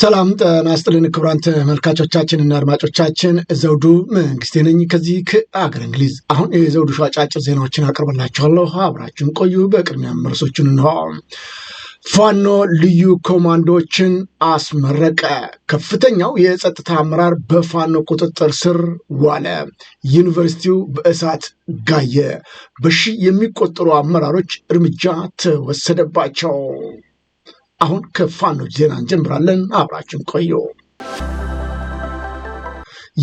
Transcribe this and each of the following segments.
ሰላም ጤና ይስጥልን ክቡራን ተመልካቾቻችንና አድማጮቻችን ዘውዱ መንግስቴ ነኝ ከዚህ ከአገር እንግሊዝ። አሁን የዘውዱ ሾው አጫጭር ዜናዎችን አቀርብላችኋለሁ፣ አብራችሁን ቆዩ። በቅድሚያ ርዕሶቹን እንሆ። ፋኖ ልዩ ኮማንዶዎችን አስመረቀ። ከፍተኛው የጸጥታ አመራር በፋኖ ቁጥጥር ስር ዋለ። ዩኒቨርሲቲው በእሳት ጋየ። በሺ የሚቆጠሩ አመራሮች እርምጃ ተወሰደባቸው። አሁን ከፋኖች ዜና እንጀምራለን። አብራችን ቆዩ።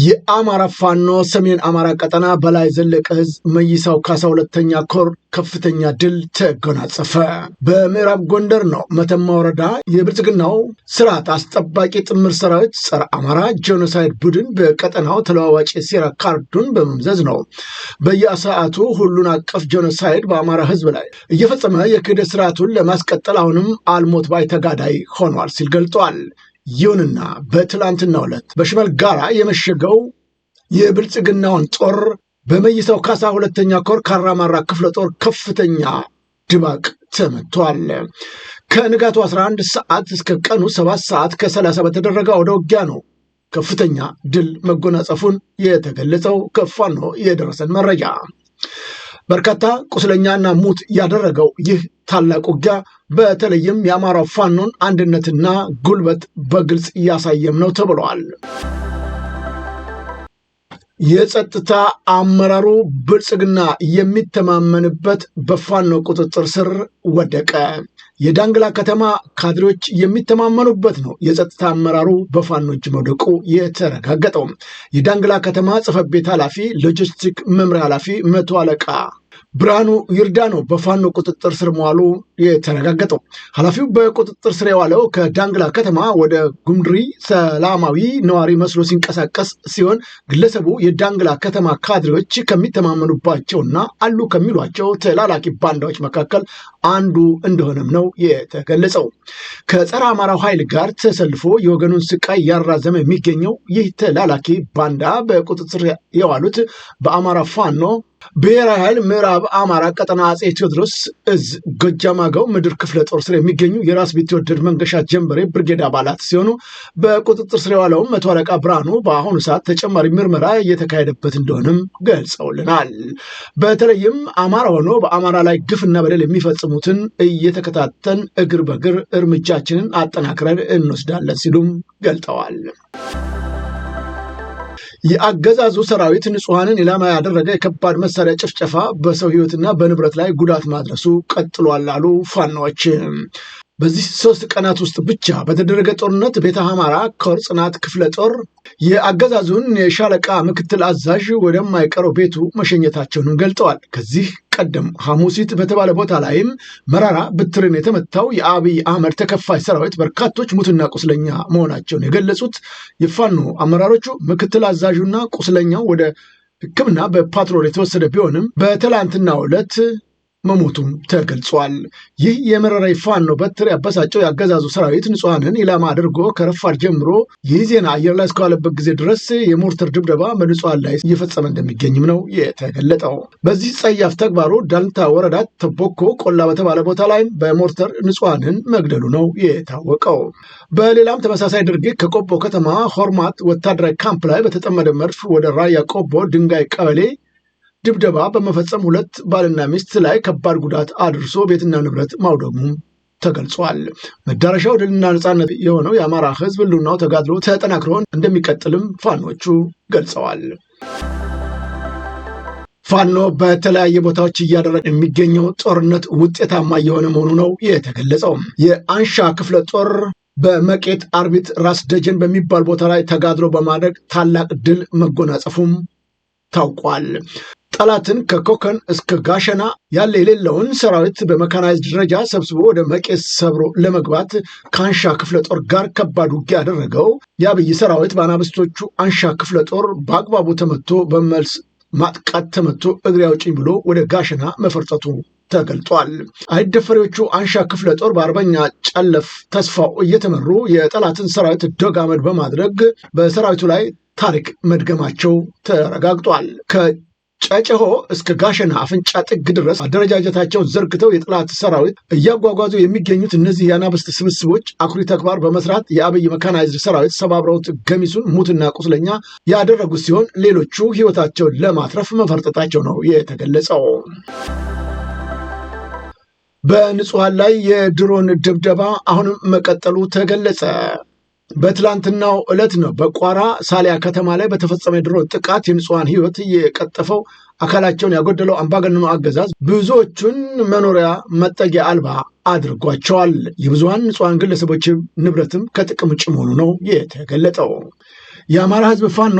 የአማራ ፋኖ ሰሜን አማራ ቀጠና በላይ ዘለቀ ህዝብ መይሳው ካሳ ሁለተኛ ኮር ከፍተኛ ድል ተጎናጸፈ። በምዕራብ ጎንደር ነው መተማ ወረዳ የብልጽግናው ስርዓት አስጠባቂ ጥምር ሰራዊት ጸረ አማራ ጄኖሳይድ ቡድን በቀጠናው ተለዋዋጭ ሴራ ካርዱን በመምዘዝ ነው በየሰዓቱ ሁሉን አቀፍ ጄኖሳይድ በአማራ ህዝብ ላይ እየፈጸመ የክህደት ስርዓቱን ለማስቀጠል አሁንም አልሞት ባይ ተጋዳይ ሆኗል ሲል ገልጧል። ይሁንና በትላንትና ዕለት በሽመል ጋራ የመሸገው የብልጽግናውን ጦር በመይሳው ካሳ ሁለተኛ ኮር ካራማራ ክፍለ ጦር ከፍተኛ ድባቅ ተመቷል። ከንጋቱ 11 ሰዓት እስከ ቀኑ 7 ሰዓት ከ30 በተደረገ አውደ ውጊያ ነው ከፍተኛ ድል መጎናጸፉን የተገለጸው። ከፋኖ የደረሰን መረጃ በርካታ ቁስለኛና ሙት ያደረገው ይህ ታላቅ ውጊያ በተለይም የአማራ ፋኖን አንድነትና ጉልበት በግልጽ እያሳየም ነው ተብለዋል። የጸጥታ አመራሩ ብልጽግና የሚተማመንበት በፋኖ ቁጥጥር ስር ወደቀ። የዳንግላ ከተማ ካድሬዎች የሚተማመኑበት ነው የጸጥታ አመራሩ በፋኖች መውደቁ የተረጋገጠው። የዳንግላ ከተማ ጽፈት ቤት ኃላፊ ሎጂስቲክ መምሪያ ኃላፊ መቶ አለቃ ብርሃኑ ይርዳ ነው በፋኖ ቁጥጥር ስር መዋሉ የተረጋገጠው። ኃላፊው በቁጥጥር ስር የዋለው ከዳንግላ ከተማ ወደ ጉምድሪ ሰላማዊ ነዋሪ መስሎ ሲንቀሳቀስ ሲሆን ግለሰቡ የዳንግላ ከተማ ካድሬዎች ከሚተማመኑባቸውና አሉ ከሚሏቸው ተላላኪ ባንዳዎች መካከል አንዱ እንደሆነም ነው የተገለጸው። ከጸረ አማራው ኃይል ጋር ተሰልፎ የወገኑን ስቃይ ያራዘመ የሚገኘው ይህ ተላላኪ ባንዳ በቁጥጥር የዋሉት በአማራ ፋኖ ብሔራዊ ኃይል ምዕራብ አማራ ቀጠና አጼ ቴዎድሮስ እዝ ጎጃም አገው ምድር ክፍለ ጦር ስር የሚገኙ የራስ ቢትወደድ መንገሻ ጀንበሬ ብርጌድ አባላት ሲሆኑ በቁጥጥር ስር የዋለውን መቶ አለቃ ብርሃኑ በአሁኑ ሰዓት ተጨማሪ ምርመራ እየተካሄደበት እንደሆነም ገልጸውልናል። በተለይም አማራ ሆኖ በአማራ ላይ ግፍና በደል የሚፈጽሙትን እየተከታተን እግር በእግር እርምጃችንን አጠናክረን እንወስዳለን ሲሉም ገልጠዋል። የአገዛዙ ሰራዊት ንጹሐንን ኢላማ ያደረገ የከባድ መሳሪያ ጭፍጨፋ በሰው ህይወትና በንብረት ላይ ጉዳት ማድረሱ ቀጥሏል አሉ ፋኖዎች። በዚህ ሶስት ቀናት ውስጥ ብቻ በተደረገ ጦርነት ቤተ አማራ ኮር ጽናት ክፍለ ጦር የአገዛዙን የሻለቃ ምክትል አዛዥ ወደማይቀረው ቤቱ መሸኘታቸውንም ገልጠዋል። ከዚህ ቀደም ሐሙሲት በተባለ ቦታ ላይም መራራ ብትርን የተመታው የአብይ አህመድ ተከፋይ ሰራዊት በርካቶች ሙትና ቁስለኛ መሆናቸውን የገለጹት የፋኖ አመራሮቹ ምክትል አዛዡና ቁስለኛው ወደ ሕክምና በፓትሮል የተወሰደ ቢሆንም በትላንትና ዕለት መሞቱም ተገልጿል። ይህ ይፋን ነው በትር ያበሳጨው የአገዛዙ ሰራዊት ንጹሐንን ኢላማ አድርጎ ከረፋድ ጀምሮ ይህ ዜና አየር ላይ እስከዋለበት ጊዜ ድረስ የሞርተር ድብደባ በንጹሐን ላይ እየፈጸመ እንደሚገኝም ነው የተገለጠው። በዚህ ጸያፍ ተግባሩ ዳንታ ወረዳ ተቦኮ ቆላ በተባለ ቦታ ላይ በሞርተር ንጹሐንን መግደሉ ነው የታወቀው። በሌላም ተመሳሳይ ድርጊት ከቆቦ ከተማ ሆርማት ወታደራዊ ካምፕ ላይ በተጠመደ መድፍ ወደ ራያ ቆቦ ድንጋይ ቀበሌ ድብደባ በመፈጸም ሁለት ባልና ሚስት ላይ ከባድ ጉዳት አድርሶ ቤትና ንብረት ማውደሙ ተገልጿል። መዳረሻው ድልና ነፃነት የሆነው የአማራ ህዝብ ህልውናው ተጋድሎ ተጠናክሮ እንደሚቀጥልም ፋኖቹ ገልጸዋል። ፋኖ በተለያየ ቦታዎች እያደረገ የሚገኘው ጦርነት ውጤታማ እየሆነ መሆኑ ነው የተገለጸው። የአንሻ ክፍለ ጦር በመቄት አርቢት ራስ ደጀን በሚባል ቦታ ላይ ተጋድሎ በማድረግ ታላቅ ድል መጎናጸፉም ታውቋል። ጠላትን ከኮከን እስከ ጋሸና ያለ የሌለውን ሰራዊት በመካናይዝ ደረጃ ሰብስቦ ወደ መቄስ ሰብሮ ለመግባት ከአንሻ ክፍለ ጦር ጋር ከባድ ውጊያ ያደረገው የአብይ ሰራዊት በአናብስቶቹ አንሻ ክፍለ ጦር በአግባቡ ተመቶ በመልስ ማጥቃት ተመቶ እግሬ አውጪኝ ብሎ ወደ ጋሸና መፈርጠቱ ተገልጧል። አይደፈሪዎቹ አንሻ ክፍለ ጦር በአርበኛ ጨለፍ ተስፋው እየተመሩ የጠላትን ሰራዊት ደጋመድ በማድረግ በሰራዊቱ ላይ ታሪክ መድገማቸው ተረጋግጧል። ጨጨሆ እስከ ጋሸና አፍንጫ ጥግ ድረስ አደረጃጀታቸው ዘርግተው የጠላት ሰራዊት እያጓጓዙ የሚገኙት እነዚህ የአናብስት ስብስቦች አኩሪ ተግባር በመስራት የአብይ መካናይዝድ ሰራዊት ሰባብረውት ገሚሱን ሙትና ቁስለኛ ያደረጉት ሲሆን ሌሎቹ ህይወታቸውን ለማትረፍ መፈርጠጣቸው ነው የተገለጸው። በንጹሐን ላይ የድሮን ድብደባ አሁንም መቀጠሉ ተገለጸ። በትላንትናው ዕለት ነው በቋራ ሳሊያ ከተማ ላይ በተፈጸመ የድሮን ጥቃት የንጹሐን ሕይወት የቀጠፈው አካላቸውን ያጎደለው አምባገነኑ አገዛዝ ብዙዎቹን መኖሪያ መጠጊያ አልባ አድርጓቸዋል። የብዙሀን ንጹሐን ግለሰቦች ንብረትም ከጥቅም ውጭ መሆኑ ነው የተገለጠው። የአማራ ሕዝብ ፋኖ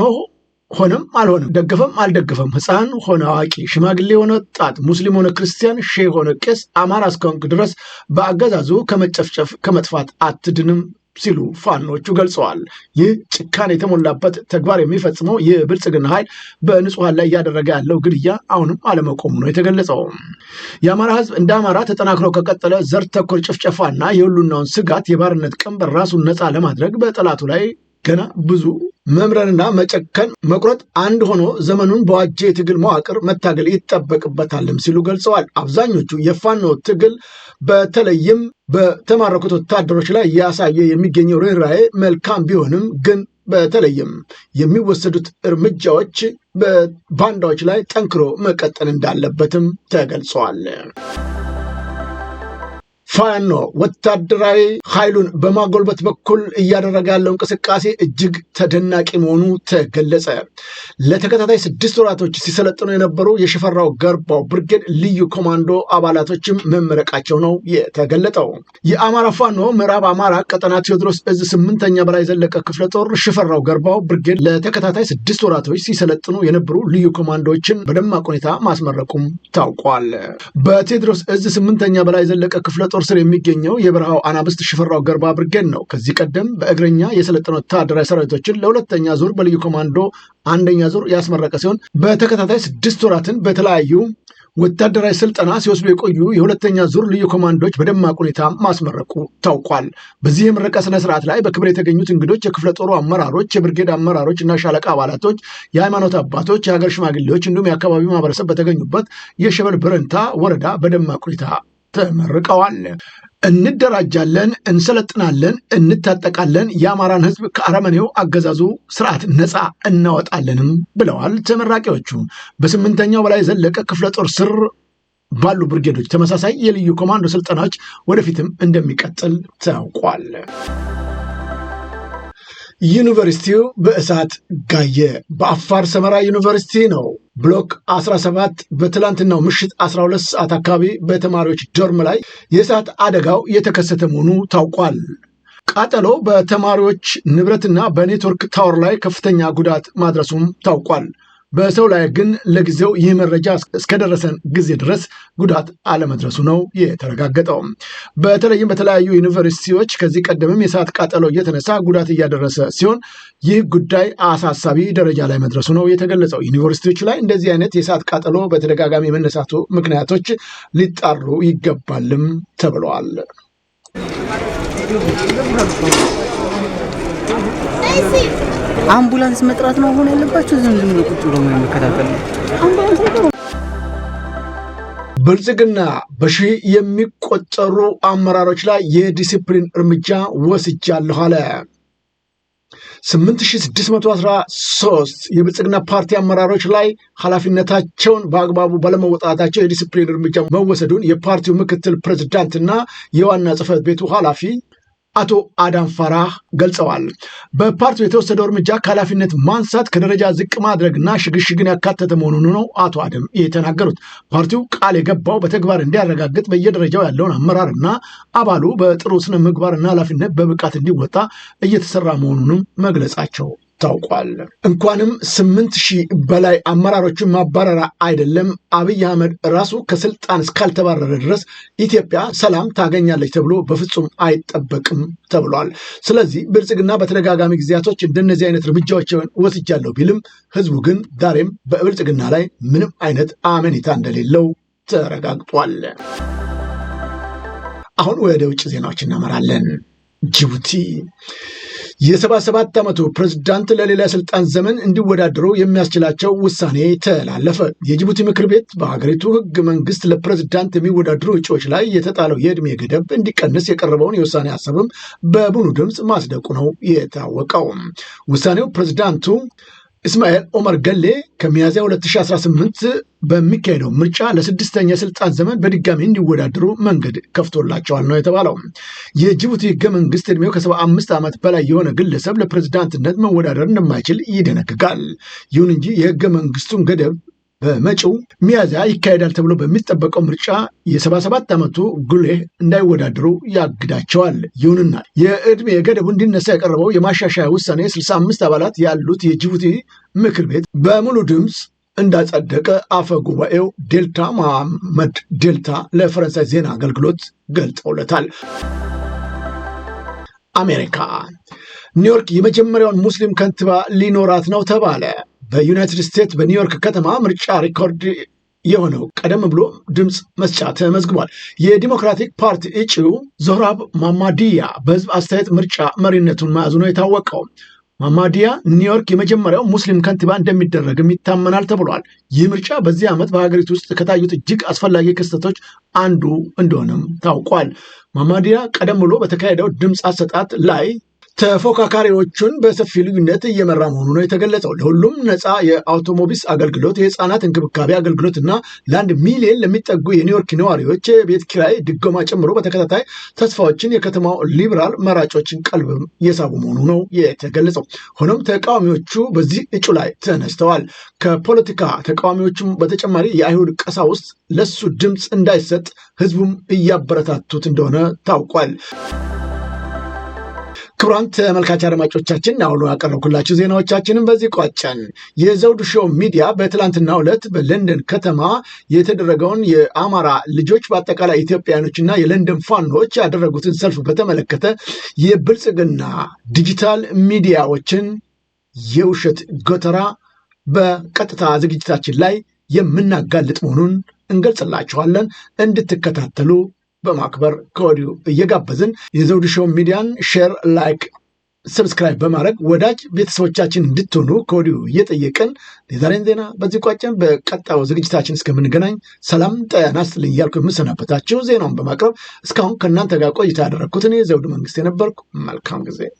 ሆነም አልሆነም ደገፈም አልደገፈም ህፃን ሆነ አዋቂ ሽማግሌ ሆነ ወጣት ሙስሊም ሆነ ክርስቲያን ሼህ ሆነ ቄስ አማራ እስከሆንክ ድረስ በአገዛዙ ከመጨፍጨፍ ከመጥፋት አትድንም ሲሉ ፋኖቹ ገልጸዋል። ይህ ጭካኔ የተሞላበት ተግባር የሚፈጽመው የብልጽግና ኃይል በንጹሐን ላይ እያደረገ ያለው ግድያ አሁንም አለመቆሙ ነው የተገለጸው። የአማራ ህዝብ እንደ አማራ ተጠናክሮ ከቀጠለ ዘር ተኮር ጭፍጨፋና የሁሉናውን ስጋት የባርነት ቀንበር ራሱን ነፃ ለማድረግ በጠላቱ ላይ ገና ብዙ መምረንና መጨከን መቁረጥ አንድ ሆኖ ዘመኑን በዋጀ የትግል መዋቅር መታገል ይጠበቅበታልም ሲሉ ገልጸዋል። አብዛኞቹ የፋኖ ትግል በተለይም በተማረኩት ወታደሮች ላይ እያሳየ የሚገኘው ርኅራኄ መልካም ቢሆንም ግን በተለይም የሚወሰዱት እርምጃዎች በባንዳዎች ላይ ጠንክሮ መቀጠል እንዳለበትም ተገልጿል። ፋኖ ወታደራዊ ኃይሉን በማጎልበት በኩል እያደረገ ያለው እንቅስቃሴ እጅግ ተደናቂ መሆኑ ተገለጸ። ለተከታታይ ስድስት ወራቶች ሲሰለጥኑ የነበሩ የሽፈራው ገርባው ብርጌድ ልዩ ኮማንዶ አባላቶችም መመረቃቸው ነው የተገለጠው። የአማራ ፋኖ ምዕራብ አማራ ቀጠና ቴዎድሮስ እዝ ስምንተኛ በላይ ዘለቀ ክፍለ ጦር ሽፈራው ገርባው ብርጌድ ለተከታታይ ስድስት ወራቶች ሲሰለጥኑ የነበሩ ልዩ ኮማንዶዎችን በደማቅ ሁኔታ ማስመረቁም ታውቋል። በቴዎድሮስ እዝ ስምንተኛ በላይ ዘለቀ ክፍለ ጦር ስር የሚገኘው የበረሃው አናብስት ሽፈራው ገርባ ብርጌን ነው። ከዚህ ቀደም በእግረኛ የሰለጠነ ወታደራዊ ሰራዊቶችን ለሁለተኛ ዙር በልዩ ኮማንዶ አንደኛ ዙር ያስመረቀ ሲሆን በተከታታይ ስድስት ወራትን በተለያዩ ወታደራዊ ስልጠና ሲወስዱ የቆዩ የሁለተኛ ዙር ልዩ ኮማንዶች በደማቅ ሁኔታ ማስመረቁ ታውቋል። በዚህ የምረቃ ስነ ስርዓት ላይ በክብር የተገኙት እንግዶች የክፍለ ጦሩ አመራሮች፣ የብርጌድ አመራሮች እና ሻለቃ አባላቶች፣ የሃይማኖት አባቶች፣ የሀገር ሽማግሌዎች እንዲሁም የአካባቢው ማህበረሰብ በተገኙበት የሸበል ብረንታ ወረዳ በደማቅ ሁኔታ ተመርቀዋል። እንደራጃለን፣ እንሰለጥናለን፣ እንታጠቃለን፣ የአማራን ህዝብ ከአረመኔው አገዛዙ ስርዓት ነፃ እናወጣለንም ብለዋል። ተመራቂዎቹ በስምንተኛው በላይ ዘለቀ ክፍለ ጦር ስር ባሉ ብርጌዶች ተመሳሳይ የልዩ ኮማንዶ ስልጠናዎች ወደፊትም እንደሚቀጥል ታውቋል። ዩኒቨርሲቲው በእሳት ጋየ። በአፋር ሰመራ ዩኒቨርሲቲ ነው ብሎክ 17 በትላንትናው ምሽት 12 ሰዓት አካባቢ በተማሪዎች ዶርም ላይ የእሳት አደጋው የተከሰተ መሆኑ ታውቋል። ቃጠሎ በተማሪዎች ንብረትና በኔትወርክ ታወር ላይ ከፍተኛ ጉዳት ማድረሱም ታውቋል። በሰው ላይ ግን ለጊዜው ይህ መረጃ እስከደረሰን ጊዜ ድረስ ጉዳት አለመድረሱ ነው የተረጋገጠው። በተለይም በተለያዩ ዩኒቨርሲቲዎች ከዚህ ቀደምም የእሳት ቃጠሎ እየተነሳ ጉዳት እያደረሰ ሲሆን ይህ ጉዳይ አሳሳቢ ደረጃ ላይ መድረሱ ነው የተገለጸው። ዩኒቨርሲቲዎች ላይ እንደዚህ አይነት የእሳት ቃጠሎ በተደጋጋሚ የመነሳቱ ምክንያቶች ሊጣሩ ይገባልም ተብለዋል። አምቡላንስ መጥራት ነው አሁን ያለባቸው። ዝም ዝም ቁጭ ብሎ ነው የሚከታተል ነው። ብልጽግና በሺህ የሚቆጠሩ አመራሮች ላይ የዲሲፕሊን እርምጃ ወስጃለሁ አለ። 8613 የብልጽግና ፓርቲ አመራሮች ላይ ኃላፊነታቸውን በአግባቡ ባለመወጣታቸው የዲሲፕሊን እርምጃ መወሰዱን የፓርቲው ምክትል ፕሬዝዳንትና የዋና ጽህፈት ቤቱ ኃላፊ አቶ አዳም ፋራህ ገልጸዋል። በፓርቲው የተወሰደው እርምጃ ከኃላፊነት ማንሳት፣ ከደረጃ ዝቅ ማድረግና ሽግሽግን ያካተተ መሆኑን ነው አቶ አደም የተናገሩት። ፓርቲው ቃል የገባው በተግባር እንዲያረጋግጥ በየደረጃው ያለውን አመራርና አባሉ በጥሩ ስነ ምግባርና ኃላፊነት በብቃት እንዲወጣ እየተሰራ መሆኑንም መግለጻቸው ታውቋል። እንኳንም ስምንት ሺህ በላይ አመራሮችን ማባረር አይደለም አብይ አህመድ ራሱ ከስልጣን እስካልተባረረ ድረስ ኢትዮጵያ ሰላም ታገኛለች ተብሎ በፍጹም አይጠበቅም ተብሏል። ስለዚህ ብልጽግና በተደጋጋሚ ጊዜያቶች እንደነዚህ አይነት እርምጃዎችን ወስጃለሁ ቢልም ህዝቡ ግን ዛሬም በብልጽግና ላይ ምንም አይነት አመኔታ እንደሌለው ተረጋግጧል። አሁን ወደ ውጭ ዜናዎች እናመራለን። ጅቡቲ የሰባሰባት 77 ዓመቱ ፕሬዝዳንት ለሌላ የስልጣን ዘመን እንዲወዳደሩ የሚያስችላቸው ውሳኔ ተላለፈ። የጅቡቲ ምክር ቤት በሀገሪቱ ህገ መንግስት ለፕሬዝዳንት የሚወዳደሩ እጩዎች ላይ የተጣለው የእድሜ ገደብ እንዲቀንስ የቀረበውን የውሳኔ ሀሳብም በሙሉ ድምፅ ማጽደቁ ነው የታወቀው። ውሳኔው ፕሬዝዳንቱ እስማኤል ኦመር ገሌ ከሚያዝያ 2018 በሚካሄደው ምርጫ ለስድስተኛ የስልጣን ዘመን በድጋሚ እንዲወዳደሩ መንገድ ከፍቶላቸዋል ነው የተባለው። የጅቡቲ ህገ መንግስት እድሜው ከ75 ዓመት በላይ የሆነ ግለሰብ ለፕሬዝዳንትነት መወዳደር እንደማይችል ይደነግጋል። ይሁን እንጂ የህገ መንግስቱን ገደብ በመጪው ሚያዝያ ይካሄዳል ተብሎ በሚጠበቀው ምርጫ የ77 ዓመቱ ጉሌህ እንዳይወዳደሩ ያግዳቸዋል። ይሁንና የእድሜ ገደቡ እንዲነሳ ያቀረበው የማሻሻያ ውሳኔ 65 አባላት ያሉት የጅቡቲ ምክር ቤት በሙሉ ድምፅ እንዳጸደቀ አፈ ጉባኤው ዴልታ መሐመድ ዴልታ ለፈረንሳይ ዜና አገልግሎት ገልጠውለታል። አሜሪካ ኒውዮርክ የመጀመሪያውን ሙስሊም ከንቲባ ሊኖራት ነው ተባለ። በዩናይትድ ስቴትስ በኒውዮርክ ከተማ ምርጫ ሪኮርድ የሆነው ቀደም ብሎ ድምፅ መስጫ ተመዝግቧል። የዲሞክራቲክ ፓርቲ እጩው ዞራብ ማማዲያ በህዝብ አስተያየት ምርጫ መሪነቱን መያዙ ነው የታወቀው። ማማዲያ ኒውዮርክ የመጀመሪያው ሙስሊም ከንቲባ እንደሚደረግም ይታመናል ተብሏል። ይህ ምርጫ በዚህ ዓመት በሀገሪቱ ውስጥ ከታዩት እጅግ አስፈላጊ ክስተቶች አንዱ እንደሆነም ታውቋል። ማማዲያ ቀደም ብሎ በተካሄደው ድምፅ አሰጣት ላይ ተፎካካሪዎቹን በሰፊ ልዩነት እየመራ መሆኑ ነው የተገለጸው። ለሁሉም ነፃ የአውቶሞቢስ አገልግሎት፣ የህፃናት እንክብካቤ አገልግሎት እና ለአንድ ሚሊዮን ለሚጠጉ የኒውዮርክ ነዋሪዎች የቤት ኪራይ ድጎማ ጨምሮ በተከታታይ ተስፋዎችን የከተማው ሊበራል መራጮችን ቀልብም እየሳቡ መሆኑ ነው የተገለጸው። ሆኖም ተቃዋሚዎቹ በዚህ እጩ ላይ ተነስተዋል። ከፖለቲካ ተቃዋሚዎቹም በተጨማሪ የአይሁድ ውስጥ ለሱ ድምፅ እንዳይሰጥ ህዝቡም እያበረታቱት እንደሆነ ታውቋል። ክቡራን ተመልካች አድማጮቻችን አሁሉ ያቀረብኩላችሁ ዜናዎቻችንን በዚህ ቋጨን። የዘውዱ ሾው ሚዲያ በትላንትናው ዕለት በለንደን ከተማ የተደረገውን የአማራ ልጆች በአጠቃላይ ኢትዮጵያኖችና የለንደን ፋኖች ያደረጉትን ሰልፍ በተመለከተ የብልጽግና ዲጂታል ሚዲያዎችን የውሸት ጎተራ በቀጥታ ዝግጅታችን ላይ የምናጋልጥ መሆኑን እንገልጽላችኋለን። እንድትከታተሉ በማክበር ከወዲሁ እየጋበዝን የዘውዱ ሾው ሚዲያን ሼር፣ ላይክ፣ ሰብስክራይብ በማድረግ ወዳጅ ቤተሰቦቻችን እንድትሆኑ ከወዲሁ እየጠየቅን የዛሬን ዜና በዚህ ቋጨን። በቀጣዩ ዝግጅታችን እስከምንገናኝ ሰላም ጤና ይስጥልኝ እያልኩ የምሰናበታችሁ ዜናውን በማቅረብ እስካሁን ከእናንተ ጋር ቆይታ ያደረግኩት እኔ ዘውዱ መንግስት የነበርኩ መልካም ጊዜ